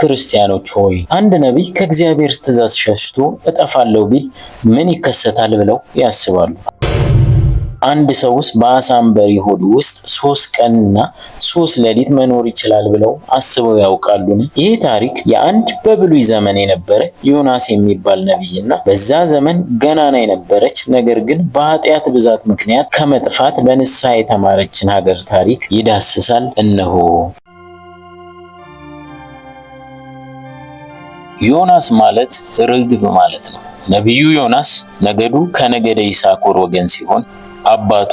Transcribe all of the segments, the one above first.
ክርስቲያኖች ሆይ አንድ ነቢይ ከእግዚአብሔር ትእዛዝ ሸሽቶ እጠፋለሁ ቢል ምን ይከሰታል ብለው ያስባሉ? አንድ ሰውስ በአሳ አንበሪ ሆድ ውስጥ ሶስት ቀንና ሶስት ሌሊት መኖር ይችላል ብለው አስበው ያውቃሉን? ይህ ታሪክ የአንድ በብሉይ ዘመን የነበረ ዮናስ የሚባል ነቢይና በዛ ዘመን ገናና የነበረች ነገር ግን በኃጢአት ብዛት ምክንያት ከመጥፋት በንስሐ የተማረችን ሀገር ታሪክ ይዳስሳል። እነሆ ዮናስ ማለት ርግብ ማለት ነው። ነቢዩ ዮናስ ነገዱ ከነገደ ይሳኮር ወገን ሲሆን አባቱ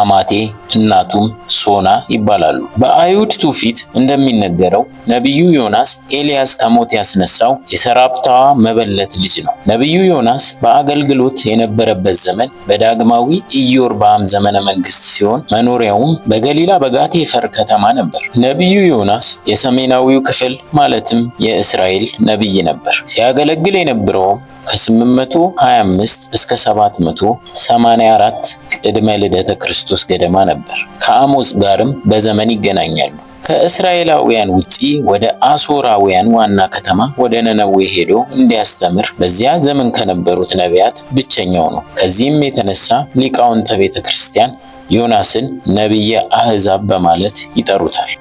አማቴ እናቱም ሶና ይባላሉ። በአይሁድ ትውፊት እንደሚነገረው ነቢዩ ዮናስ ኤልያስ ከሞት ያስነሳው የሰራብታዋ መበለት ልጅ ነው። ነቢዩ ዮናስ በአገልግሎት የነበረበት ዘመን በዳግማዊ ኢዮርባም ዘመነ መንግስት ሲሆን መኖሪያውም በገሊላ በጋቴ ፈር ከተማ ነበር። ነቢዩ ዮናስ የሰሜናዊው ክፍል ማለትም የእስራኤል ነቢይ ነበር። ሲያገለግል የነበረውም ከ825 እስከ 784 ቅድመ ልደተ ክርስቶስ ገደማ ነበር። ከአሞጽ ጋርም በዘመን ይገናኛሉ። ከእስራኤላውያን ውጪ ወደ አሶራውያን ዋና ከተማ ወደ ነነዌ ሄዶ እንዲያስተምር በዚያ ዘመን ከነበሩት ነቢያት ብቸኛው ነው። ከዚህም የተነሳ ሊቃውንተ ቤተ ክርስቲያን ዮናስን ነቢየ አሕዛብ በማለት ይጠሩታል።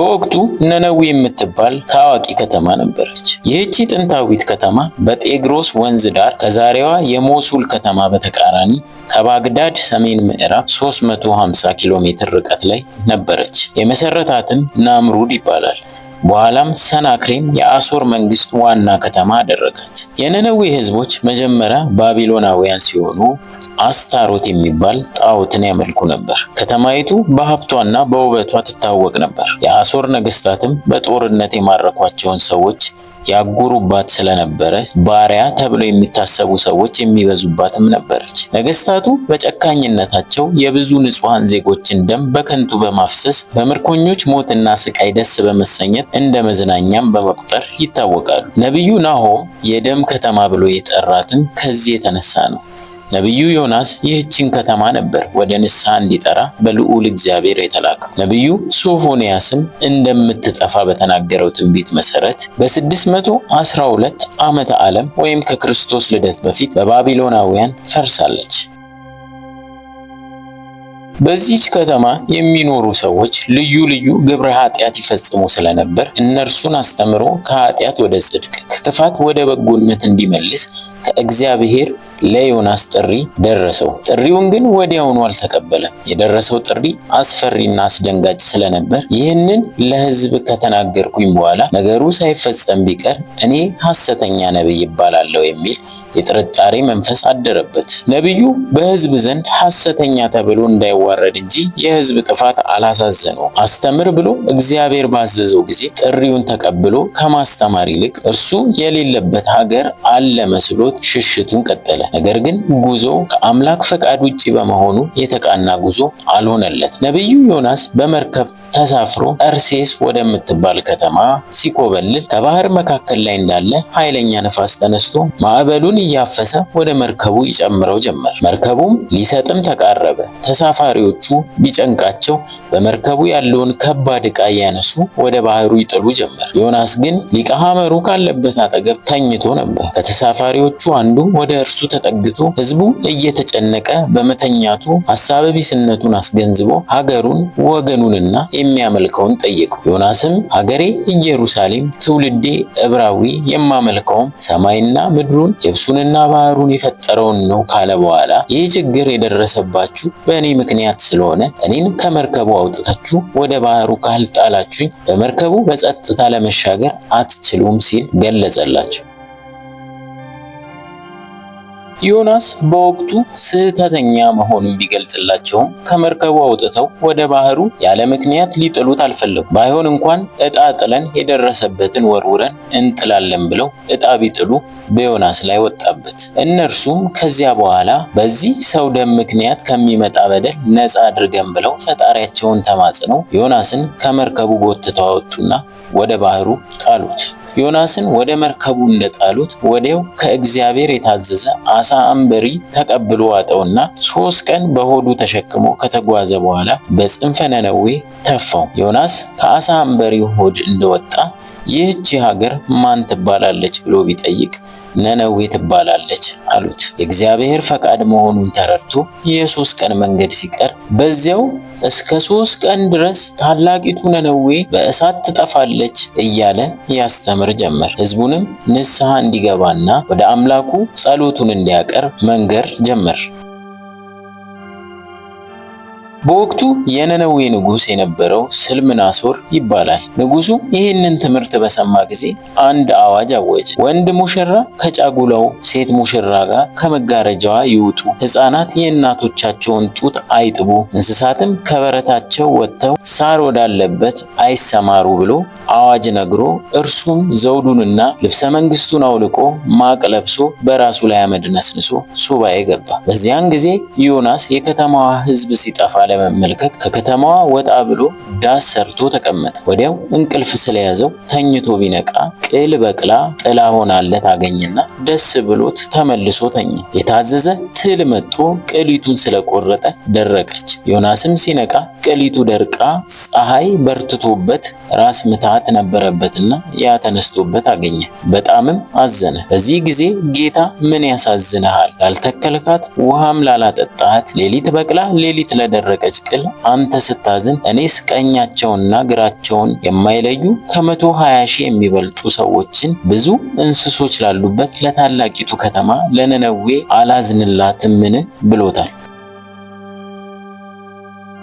በወቅቱ ነነዌ የምትባል ታዋቂ ከተማ ነበረች። ይህቺ ጥንታዊት ከተማ በጤግሮስ ወንዝ ዳር ከዛሬዋ የሞሱል ከተማ በተቃራኒ ከባግዳድ ሰሜን ምዕራብ 350 ኪሎ ሜትር ርቀት ላይ ነበረች። የመሰረታትም ናምሩድ ይባላል። በኋላም ሰናክሬም የአሶር መንግስት ዋና ከተማ አደረጋት። የነነዌ ህዝቦች መጀመሪያ ባቢሎናውያን ሲሆኑ አስታሮት የሚባል ጣዖትን ያመልኩ ነበር። ከተማይቱ በሀብቷና በውበቷ ትታወቅ ነበር። የአሶር ነገስታትም በጦርነት የማረኳቸውን ሰዎች ያጎሩባት ስለነበረች ባሪያ ተብሎ የሚታሰቡ ሰዎች የሚበዙባትም ነበረች። ነገስታቱ በጨካኝነታቸው የብዙ ንጹሐን ዜጎችን ደም በከንቱ በማፍሰስ በምርኮኞች ሞትና ስቃይ ደስ በመሰኘት እንደ መዝናኛም በመቁጠር ይታወቃሉ። ነቢዩ ናሆም የደም ከተማ ብሎ የጠራትም ከዚህ የተነሳ ነው። ነቢዩ ዮናስ ይህችን ከተማ ነበር ወደ ንስሐ እንዲጠራ በልዑል እግዚአብሔር የተላከው። ነቢዩ ሶፎንያስም እንደምትጠፋ በተናገረው ትንቢት መሰረት በ612 ዓመተ ዓለም ወይም ከክርስቶስ ልደት በፊት በባቢሎናውያን ፈርሳለች። በዚች ከተማ የሚኖሩ ሰዎች ልዩ ልዩ ግብረ ኃጢአት ይፈጽሙ ስለነበር እነርሱን አስተምሮ ከኃጢአት ወደ ጽድቅ፣ ከክፋት ወደ በጎነት እንዲመልስ ከእግዚአብሔር ለዮናስ ጥሪ ደረሰው። ጥሪውን ግን ወዲያውኑ አልተቀበለም። የደረሰው ጥሪ አስፈሪና አስደንጋጭ ስለነበር ይህንን ለሕዝብ ከተናገርኩኝ በኋላ ነገሩ ሳይፈጸም ቢቀር እኔ ሐሰተኛ ነቢይ ይባላለሁ የሚል የጥርጣሬ መንፈስ አደረበት። ነቢዩ በሕዝብ ዘንድ ሐሰተኛ ተብሎ እንዳይዋረድ እንጂ የሕዝብ ጥፋት አላሳዘነው። አስተምር ብሎ እግዚአብሔር ባዘዘው ጊዜ ጥሪውን ተቀብሎ ከማስተማር ይልቅ እርሱ የሌለበት ሀገር አለ መስሎት ሽሽቱን ቀጠለ። ነገር ግን ጉዞው ከአምላክ ፈቃድ ውጪ በመሆኑ የተቃና ጉዞ አልሆነለት። ነቢዩ ዮናስ በመርከብ ተሳፍሮ ጠርሴስ ወደምትባል ከተማ ሲኮበልል ከባህር መካከል ላይ እንዳለ ኃይለኛ ነፋስ ተነስቶ ማዕበሉን እያፈሰ ወደ መርከቡ ይጨምረው ጀመር። መርከቡም ሊሰጥም ተቃረበ። ተሳፋሪዎቹ ቢጨንቃቸው በመርከቡ ያለውን ከባድ ዕቃ እያነሱ ወደ ባህሩ ይጥሉ ጀመር። ዮናስ ግን ሊቀ ሐመሩ ካለበት አጠገብ ተኝቶ ነበር። ከተሳፋሪዎቹ አንዱ ወደ እርሱ ተጠግቶ ህዝቡ እየተጨነቀ በመተኛቱ ሀሳብ ቢስነቱን አስገንዝቦ ሀገሩን ወገኑንና የሚያመልከውን ጠየቀው። ዮናስም ሀገሬ ኢየሩሳሌም፣ ትውልዴ ዕብራዊ፣ የማመልከውም ሰማይና ምድሩን የብሱንና ባህሩን የፈጠረውን ነው ካለ በኋላ ይህ ችግር የደረሰባችሁ በእኔ ምክንያት ስለሆነ እኔን ከመርከቡ አውጥታችሁ ወደ ባህሩ ካልጣላችሁኝ በመርከቡ በጸጥታ ለመሻገር አትችሉም ሲል ገለጸላቸው። ዮናስ በወቅቱ ስህተተኛ መሆኑን ቢገልጽላቸውም ከመርከቡ አውጥተው ወደ ባህሩ ያለ ምክንያት ሊጥሉት አልፈለጉም። ባይሆን እንኳን እጣ ጥለን የደረሰበትን ወርውረን እንጥላለን ብለው እጣ ቢጥሉ በዮናስ ላይ ወጣበት። እነርሱም ከዚያ በኋላ በዚህ ሰው ደም ምክንያት ከሚመጣ በደል ነፃ አድርገን ብለው ፈጣሪያቸውን ተማጽነው ዮናስን ከመርከቡ ጎትተው አወጡና ወደ ባህሩ ጣሉት። ዮናስን ወደ መርከቡ እንደጣሉት ወዲያው ከእግዚአብሔር የታዘዘ አሳ አንበሪ ተቀብሎ ዋጠውና ሶስት ቀን በሆዱ ተሸክሞ ከተጓዘ በኋላ በጽንፈ ነነዌ ተፋው። ዮናስ ከአሳ አንበሪ ሆድ እንደወጣ ይህቺ ሀገር ማን ትባላለች ብሎ ቢጠይቅ ነነዌ ትባላለች አሉት። የእግዚአብሔር ፈቃድ መሆኑን ተረድቶ የሶስት ቀን መንገድ ሲቀር በዚያው እስከ ሶስት ቀን ድረስ ታላቂቱ ነነዌ በእሳት ትጠፋለች እያለ ያስተምር ጀመር። ህዝቡንም ንስሐ እንዲገባና ወደ አምላኩ ጸሎቱን እንዲያቀርብ መንገር ጀመር። በወቅቱ የነነዌ ንጉስ የነበረው ስልምናሶር ይባላል። ንጉሱ ይህንን ትምህርት በሰማ ጊዜ አንድ አዋጅ አወጀ። ወንድ ሙሽራ ከጫጉላው፣ ሴት ሙሽራ ጋር ከመጋረጃዋ ይውጡ፣ ሕፃናት የእናቶቻቸውን ጡት አይጥቡ፣ እንስሳትም ከበረታቸው ወጥተው ሳር ወዳለበት አይሰማሩ ብሎ አዋጅ ነግሮ እርሱም ዘውዱንና ልብሰ መንግስቱን አውልቆ ማቅ ለብሶ በራሱ ላይ አመድ ነስንሶ ሱባኤ ገባ። በዚያን ጊዜ ዮናስ የከተማዋ ሕዝብ ሲጠፋ ለመመልከት ከከተማዋ ወጣ ብሎ ዳስ ሰርቶ ተቀመጠ። ወዲያው እንቅልፍ ስለያዘው ተኝቶ ቢነቃ ቅል በቅላ ጥላ ሆናለት አገኘና ደስ ብሎት ተመልሶ ተኝ። የታዘዘ ትል መጥቶ ቅሊቱን ስለቆረጠ ደረቀች። ዮናስም ሲነቃ ቅሊቱ ደርቃ ፀሐይ በርትቶበት ራስ ምታት ነበረበትና ያ ተነስቶበት አገኘ። በጣምም አዘነ። በዚህ ጊዜ ጌታ ምን ያሳዝንሃል? ላልተከልካት ውሃም ላላጠጣት ሌሊት በቅላ ሌሊት ለደረቀ ስቀጭቅል አንተ ስታዝን እኔስ ቀኛቸውና ግራቸውን የማይለዩ ከመቶ ሀያ ሺህ የሚበልጡ ሰዎችን ብዙ እንስሶች ላሉበት ለታላቂቱ ከተማ ለነነዌ አላዝንላትምን ብሎታል።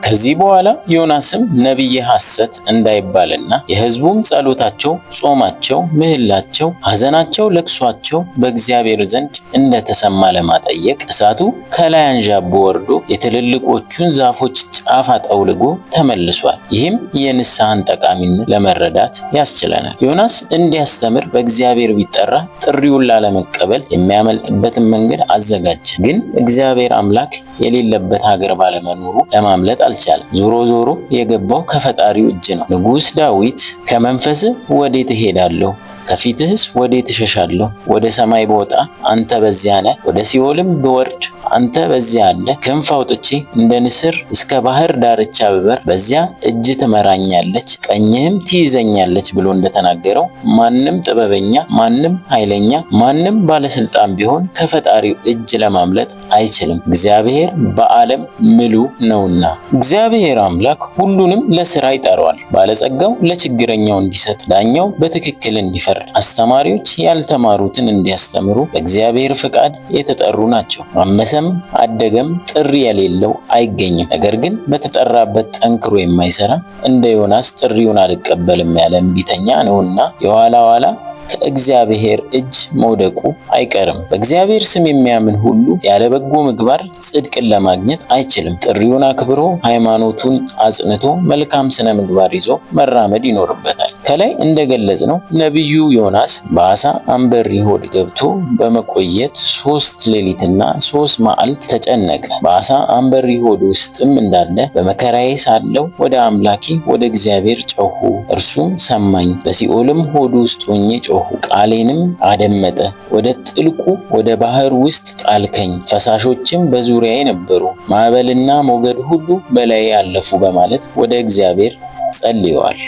ከዚህ በኋላ ዮናስም ነቢይ ሐሰት እንዳይባልና የሕዝቡም ጸሎታቸው፣ ጾማቸው፣ ምህላቸው፣ ሐዘናቸው፣ ለቅሷቸው በእግዚአብሔር ዘንድ እንደተሰማ ለማጠየቅ እሳቱ ከላይ አንዣቦ ወርዶ የትልልቆቹን ዛፎች ጫፍ አጠውልጎ ተመልሷል። ይህም የንስሐን ጠቃሚነት ለመረዳት ያስችለናል። ዮናስ እንዲያስተምር በእግዚአብሔር ቢጠራ ጥሪውን ላለመቀበል የሚያመልጥበትን መንገድ አዘጋጀ። ግን እግዚአብሔር አምላክ የሌለበት ሀገር ባለመኖሩ ለማምለጥ አልቻለም። ዞሮ ዞሮ የገባው ከፈጣሪው እጅ ነው። ንጉሥ ዳዊት ከመንፈስ ወዴት እሄዳለሁ ከፊትህስ ወዴት እሸሻለሁ? ወደ ሰማይ ብወጣ አንተ በዚያ ነህ፣ ወደ ሲኦልም ብወርድ አንተ በዚያ አለ። ክንፍ አውጥቼ እንደ ንስር እስከ ባህር ዳርቻ ብበር በዚያ እጅ ትመራኛለች፣ ቀኝህም ትይዘኛለች ብሎ እንደተናገረው ማንም ጥበበኛ፣ ማንም ኃይለኛ፣ ማንም ባለስልጣን ቢሆን ከፈጣሪው እጅ ለማምለጥ አይችልም። እግዚአብሔር በዓለም ምሉ ነውና። እግዚአብሔር አምላክ ሁሉንም ለስራ ይጠራዋል። ባለጸጋው ለችግረኛው እንዲሰጥ፣ ዳኛው በትክክል እንዲፈርድ ነበር። አስተማሪዎች ያልተማሩትን እንዲያስተምሩ በእግዚአብሔር ፍቃድ የተጠሩ ናቸው። አመሰም አደገም ጥሪ የሌለው አይገኝም። ነገር ግን በተጠራበት ጠንክሮ የማይሰራ እንደ ዮናስ ጥሪውን አልቀበልም ያለ እምቢተኛ ነውና የኋላ ኋላ ከእግዚአብሔር እጅ መውደቁ አይቀርም። በእግዚአብሔር ስም የሚያምን ሁሉ ያለ በጎ ምግባር ጽድቅን ለማግኘት አይችልም። ጥሪውን አክብሮ ሃይማኖቱን አጽንቶ መልካም ስነ ምግባር ይዞ መራመድ ይኖርበታል። ከላይ እንደገለጽ ነው ነቢዩ ዮናስ በአሳ አንበሪ ሆድ ገብቶ በመቆየት ሶስት ሌሊትና ሶስት መዓልት ተጨነቀ። በአሳ አንበሪ ሆድ ውስጥም እንዳለ በመከራዬ ሳለው ወደ አምላኬ ወደ እግዚአብሔር ጮሁ፣ እርሱም ሰማኝ። በሲኦልም ሆድ ውስጥ ሆኜ ጮ ጮሁ፣ ቃሌንም አደመጠ። ወደ ጥልቁ ወደ ባህር ውስጥ ጣልከኝ፣ ፈሳሾችም በዙሪያዬ ነበሩ፣ ማዕበልና ሞገድ ሁሉ በላይ ያለፉ በማለት ወደ እግዚአብሔር ጸልየዋል።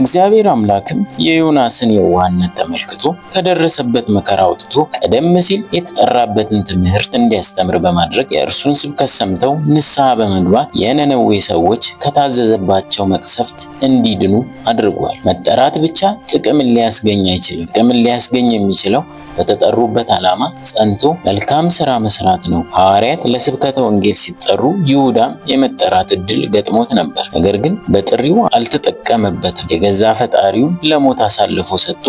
እግዚአብሔር አምላክም የዮናስን የዋህነት ተመልክቶ ከደረሰበት መከራ አውጥቶ ቀደም ሲል የተጠራበትን ትምህርት እንዲያስተምር በማድረግ የእርሱን ስብከት ሰምተው ንስሐ በመግባት የነነዌ ሰዎች ከታዘዘባቸው መቅሰፍት እንዲድኑ አድርጓል። መጠራት ብቻ ጥቅምን ሊያስገኝ አይችልም። ጥቅምን ሊያስገኝ የሚችለው በተጠሩበት ዓላማ ጸንቶ መልካም ስራ መስራት ነው። ሐዋርያት ለስብከተ ወንጌል ሲጠሩ ይሁዳም የመጠራት እድል ገጥሞት ነበር። ነገር ግን በጥሪው አልተጠቀመበትም። ገዛ ፈጣሪው ለሞት አሳልፎ ሰጥቶ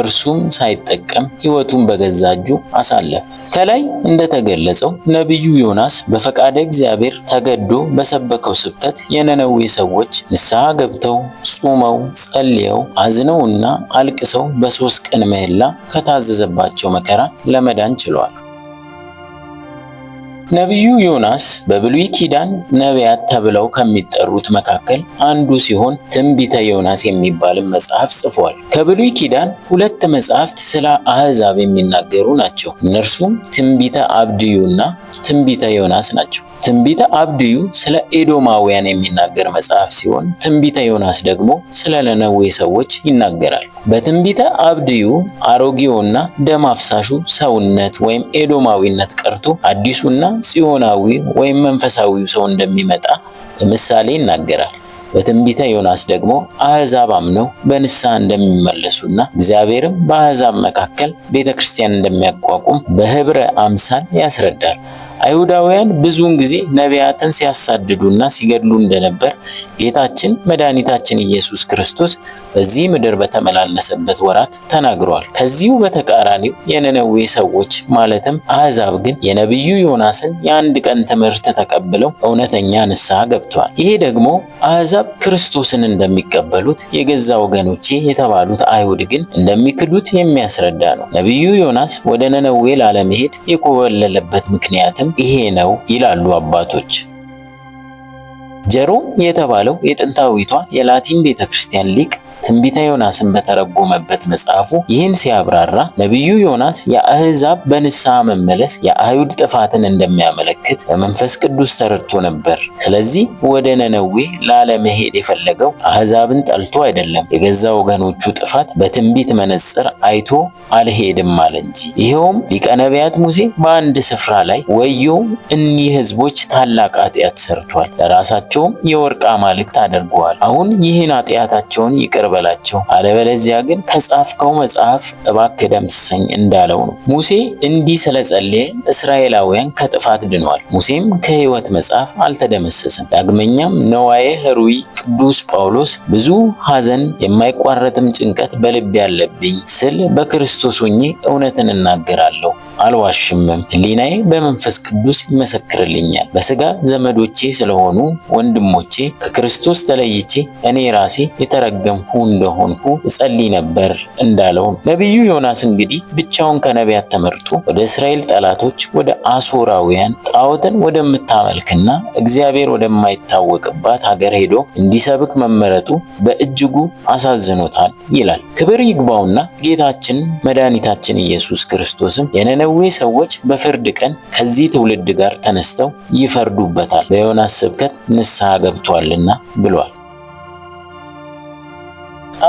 እርሱም ሳይጠቀም ሕይወቱን በገዛ እጁ አሳለፈ። ከላይ እንደተገለጸው ነቢዩ ዮናስ በፈቃደ እግዚአብሔር ተገዶ በሰበከው ስብከት የነነዌ ሰዎች ንስሐ ገብተው ጾመው፣ ጸልየው፣ አዝነውና አልቅሰው በሦስት ቀን ምህላ ከታዘዘባቸው መከራ ለመዳን ችለዋል። ነቢዩ ዮናስ በብሉይ ኪዳን ነቢያት ተብለው ከሚጠሩት መካከል አንዱ ሲሆን ትንቢተ ዮናስ የሚባልን መጽሐፍ ጽፏል። ከብሉይ ኪዳን ሁለት መጽሐፍት ስለ አሕዛብ የሚናገሩ ናቸው። እነርሱም ትንቢተ አብድዩና ትንቢተ ዮናስ ናቸው። ትንቢተ አብድዩ ስለ ኤዶማውያን የሚናገር መጽሐፍ ሲሆን ትንቢተ ዮናስ ደግሞ ስለ ነነዌ ሰዎች ይናገራል። በትንቢተ አብድዩ አሮጌውና ደም አፍሳሹ ሰውነት ወይም ኤዶማዊነት ቀርቶ አዲሱና ጽዮናዊ ወይም መንፈሳዊ ሰው እንደሚመጣ በምሳሌ ይናገራል። በትንቢተ ዮናስ ደግሞ አሕዛብ አምነው በንስሐ እንደሚመለሱና እግዚአብሔርም በአሕዛብ መካከል ቤተ ክርስቲያን እንደሚያቋቁም በኅብረ አምሳል ያስረዳል። አይሁዳውያን ብዙውን ጊዜ ነቢያትን ሲያሳድዱና ሲገድሉ እንደነበር ጌታችን መድኃኒታችን ኢየሱስ ክርስቶስ በዚህ ምድር በተመላለሰበት ወራት ተናግረዋል። ከዚሁ በተቃራኒው የነነዌ ሰዎች ማለትም አሕዛብ ግን የነቢዩ ዮናስን የአንድ ቀን ትምህርት ተቀብለው እውነተኛ ንስሐ ገብተዋል። ይሄ ደግሞ አሕዛብ ክርስቶስን እንደሚቀበሉት የገዛ ወገኖቼ የተባሉት አይሁድ ግን እንደሚክዱት የሚያስረዳ ነው። ነቢዩ ዮናስ ወደ ነነዌ ላለመሄድ የኮበለለበት ምክንያትም ስም ይሄ ነው ይላሉ አባቶች። ጀሮም የተባለው የጥንታዊቷ የላቲን ቤተክርስቲያን ሊቅ ትንቢተ ዮናስን በተረጎመበት መጽሐፉ ይህን ሲያብራራ ነቢዩ ዮናስ የአህዛብ በንስሐ መመለስ የአይሁድ ጥፋትን እንደሚያመለክት በመንፈስ ቅዱስ ተረድቶ ነበር። ስለዚህ ወደ ነነዌ ላለመሄድ የፈለገው አህዛብን ጠልቶ አይደለም፣ የገዛ ወገኖቹ ጥፋት በትንቢት መነጽር አይቶ አልሄድም አለ እንጂ። ይኸውም ሊቀ ነቢያት ሙሴ በአንድ ስፍራ ላይ ወዮ እኒህ ህዝቦች ታላቅ ኃጢአት ሰርቷል፣ ለራሳቸውም የወርቅ አማልክት አድርገዋል፣ አሁን ይህን ኃጢአታቸውን ይቅር በላቸው፣ አለበለዚያ ግን ከጻፍከው መጽሐፍ እባክህ ደምስሰኝ እንዳለው ነው። ሙሴ እንዲህ ስለጸለየ እስራኤላውያን ከጥፋት ድኗል። ሙሴም ከሕይወት መጽሐፍ አልተደመሰሰም። ዳግመኛም ነዋዬ ኅሩይ ቅዱስ ጳውሎስ ብዙ ሐዘን የማይቋረጥም ጭንቀት በልብ ያለብኝ ስል በክርስቶስ ሆኜ እውነትን እናገራለሁ፣ አልዋሽምም። ሕሊናዬ በመንፈስ ቅዱስ ይመሰክርልኛል። በስጋ ዘመዶቼ ስለሆኑ ወንድሞቼ ከክርስቶስ ተለይቼ እኔ ራሴ የተረገምሁ እንደሆንኩ እጸልይ ነበር እንዳለው ነው። ነቢዩ ዮናስ እንግዲህ ብቻውን ከነቢያት ተመርቶ ወደ እስራኤል ጠላቶች ወደ አሶራውያን ጣዖትን ወደምታመልክና እግዚአብሔር ወደማይታወቅባት ሀገር ሄዶ እንዲሰብክ መመረጡ በእጅጉ አሳዝኖታል ይላል። ክብር ይግባውና ጌታችን መድኃኒታችን ኢየሱስ ክርስቶስም የነነዌ ሰዎች በፍርድ ቀን ከዚህ ትውልድ ጋር ተነስተው ይፈርዱበታል፣ በዮናስ ስብከት ንስሐ ገብቷልና ብሏል።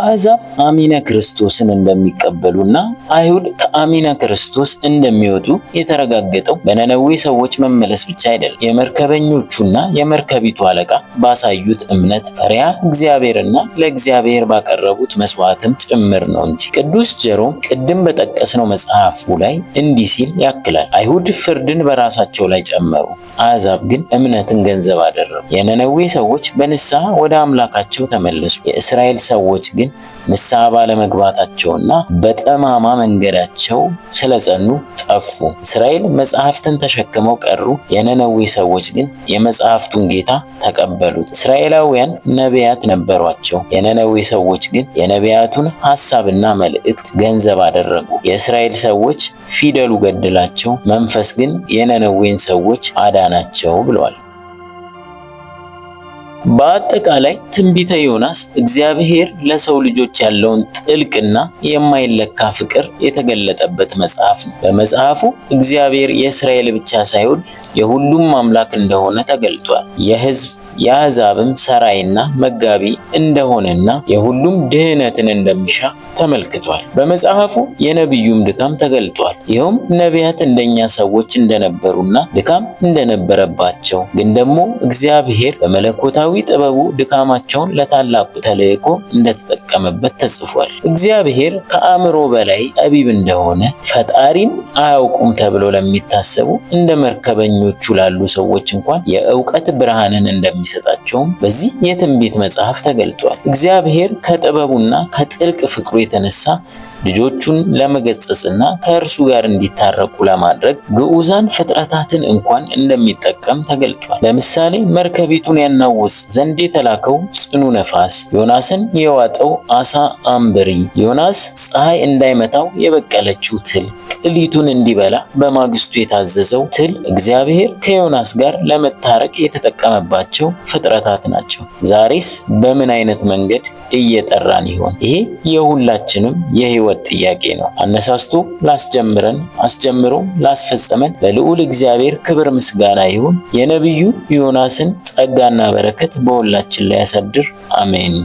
አሕዛብ አሚነ ክርስቶስን እንደሚቀበሉና አይሁድ ከአሚነ ክርስቶስ እንደሚወጡ የተረጋገጠው በነነዌ ሰዎች መመለስ ብቻ አይደለም። የመርከበኞቹና የመርከቢቱ አለቃ ባሳዩት እምነት ፈሪያ እግዚአብሔርና ለእግዚአብሔር ባቀረቡት መስዋዕትም ጭምር ነው እንጂ። ቅዱስ ጀሮም ቅድም በጠቀስነው መጽሐፉ ላይ እንዲህ ሲል ያክላል። አይሁድ ፍርድን በራሳቸው ላይ ጨመሩ፣ አሕዛብ ግን እምነትን ገንዘብ አደረጉ። የነነዌ ሰዎች በንስሐ ወደ አምላካቸው ተመለሱ፣ የእስራኤል ሰዎች ግን ንስሐ ባለመግባታቸውና በጠማማ መንገዳቸው ስለጸኑ ጠፉ። እስራኤል መጽሐፍትን ተሸክመው ቀሩ። የነነዌ ሰዎች ግን የመጽሐፍቱን ጌታ ተቀበሉት። እስራኤላውያን ነቢያት ነበሯቸው። የነነዌ ሰዎች ግን የነቢያቱን ሐሳብና መልእክት ገንዘብ አደረጉ። የእስራኤል ሰዎች ፊደሉ ገድላቸው፣ መንፈስ ግን የነነዌን ሰዎች አዳናቸው ብለዋል። በአጠቃላይ ትንቢተ ዮናስ እግዚአብሔር ለሰው ልጆች ያለውን ጥልቅና የማይለካ ፍቅር የተገለጠበት መጽሐፍ ነው። በመጽሐፉ እግዚአብሔር የእስራኤል ብቻ ሳይሆን የሁሉም አምላክ እንደሆነ ተገልጧል። የሕዝብ የአሕዛብም ሰራይና መጋቢ እንደሆነና የሁሉም ድህነትን እንደሚሻ ተመልክቷል። በመጽሐፉ የነቢዩም ድካም ተገልጧል። ይኸውም ነቢያት እንደኛ ሰዎች እንደነበሩና ድካም እንደነበረባቸው ግን ደግሞ እግዚአብሔር በመለኮታዊ ጥበቡ ድካማቸውን ለታላቁ ተልእኮ እንደተጠቀመበት ተጽፏል። እግዚአብሔር ከአእምሮ በላይ ጠቢብ እንደሆነ ፈጣሪን አያውቁም ተብሎ ለሚታሰቡ እንደ መርከበኞቹ ላሉ ሰዎች እንኳን የእውቀት ብርሃንን እንደሚ እንደሚሰጣቸውም በዚህ የትንቢት መጽሐፍ ተገልጧል። እግዚአብሔር ከጥበቡና ከጥልቅ ፍቅሩ የተነሳ ልጆቹን ለመገጸጽና ከእርሱ ጋር እንዲታረቁ ለማድረግ ግዑዛን ፍጥረታትን እንኳን እንደሚጠቀም ተገልጧል። ለምሳሌ መርከቢቱን ያናውጽ ዘንድ የተላከው ጽኑ ነፋስ፣ ዮናስን የዋጠው አሳ አንብሪ፣ ዮናስ ፀሐይ እንዳይመታው የበቀለችው ትል፣ ቅሊቱን እንዲበላ በማግስቱ የታዘዘው ትል እግዚአብሔር ከዮናስ ጋር ለመታረቅ የተጠቀመባቸው ፍጥረታት ናቸው። ዛሬስ በምን አይነት መንገድ እየጠራን ይሆን? ይሄ የሁላችንም የህይወት የህይወት ጥያቄ ነው። አነሳስቶ ላስጀምረን አስጀምሮም ላስፈጸመን ለልዑል እግዚአብሔር ክብር ምስጋና ይሁን። የነቢዩ ዮናስን ጸጋና በረከት በሁላችን ላይ ያሳድር። አሜን።